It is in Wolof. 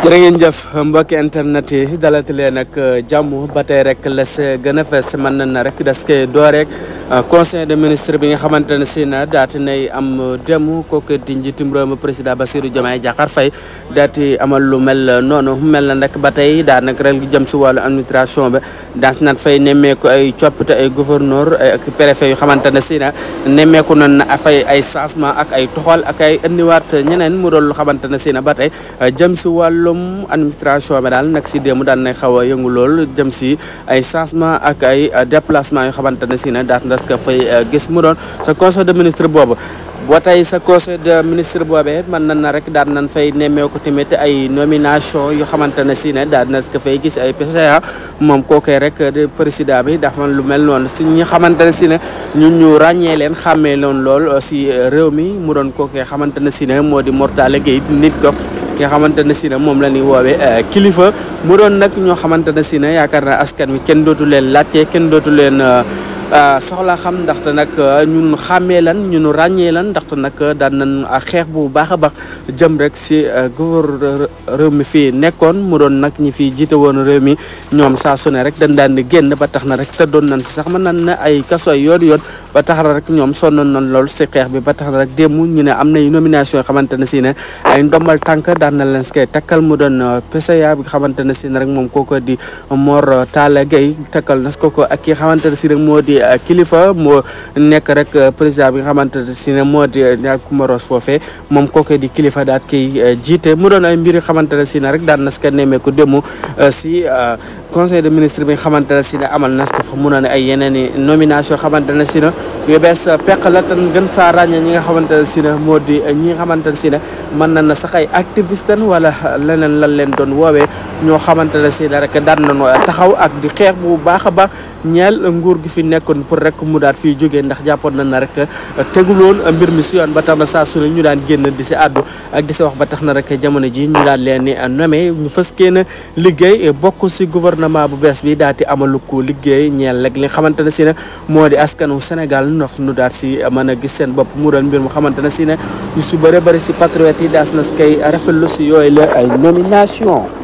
jërë ngeen jëf mbokki internet yi dalati leen ak jàmm ba tey rek la see gën a fees mën na rek des koy doo rek Euh, conseil de ministre bi nga xamante ne si na daati nay am dem kooku di njiitum réew mi président Bassirou Diomaye Diakhar Faye daati amal lu mel noonu mel na nag ba tey daa nag rel gi jëm si wàllu administration ba daas nat fay nemmeeku ay coppite ay gouverneur ak préfet xamante ne si na nemmeeku noonu na fay ay changement ak ay toxal ak ay indiwaat ñeneen mu doon lu xamante ne si na ba tey euh, jëm si wàllum administration bi daal nag si déemu daan nay xaw a yëngu lool jëm si ay changement ak ay déplacement yu xamante ne si na daat na parce fay euh, gis mu doon sa conseil de ministre boobu ba tey sa conseil de ministre boobee man nan na rek daan nan fay nemmeeku tamit ay nomination yu xamante ne si ne daan na ko fay gis ay PCA moom kookee rek di président bi dafa lu mel noonu si ñi xamante ne si ne ñun ñu ràññee leen xàmmee loon lool si réew mi mu doon kookee xamante ne si ne moo di Mortalla Gueye nit ko ki nga xamante ne si ne moom la ñuy woowee euh, kilifa mu doon nag ñoo xamante ne si ne yaakaar na askan wi kenn dootu leen laajte kenn dootu leen euh, Euh, soxlaa xam ndaxte nag euh, ñun xàmmee lan ñun ràññee lan ndaxte nag euh, daan nañ xeex bu baax a baax jëm rek si gouverneur réew mi fii nekkoon mu doon nag ñi fi jiite woon réew mi ñoom saa su ne rek dañ daan di génn ba tax na rek te doon nañ si sax mën nañ ne ay kaso yoon yoon ba tax rek ñoom sonnoon nañ loolu si xeex bi ba tax rek démb ñu ne am na nomination yoo xamante ne si ne ay ndombal tànk daan na leen si takkal mu doon euh, PCA xamante ne si rek moom kooku di Mor euh, Talla Gueye takkal nas kooku ak ki xamante ne si rek moo di euh, kilifa moo nekk rek président bi nga xamante ne si ne moo di Kumaros foofee moom kooku di kilifa daat kiy jiite mu doon ay mbir xamante ne si ne rek daan nas si koy nemmeeku démb si conseil de ministre bi nga xamante ne si ne amal nas fa mun a ne ay yeneeni i nomination xamante ne si ne yu bees peq la tan gën saa ràññee ñi nga xamante ne si na moo di ñi nga xamante ne si ne mën na na sax ay activiste wala leneen lan leen doon woowee ñoo xamante ne si la rek daan nañu taxaw ak di xeex bu baax a baax ñeel nguur gi fi nekkoon pour rek mu daat fii jóge ndax jàppoon na na rek teguloon mbir mi si yoon ba tax na saa su ñu daan génn di si àddu ak di si wax ba tax na rek jamono ji ñu daan leen ni nommé ñu fës kenn liggéey bokk si gouvernement bu bees bi daal di amalu ko liggéey ñeel rek li xamante ne si ne moo di askanu Sénégal ndax ñu daal si mën a gis seen bopp mu doon mbir mu xamante ne si ne ñu si bëri bëri si patriote yi daas na si kay rafetlu si yooyu la ay nomination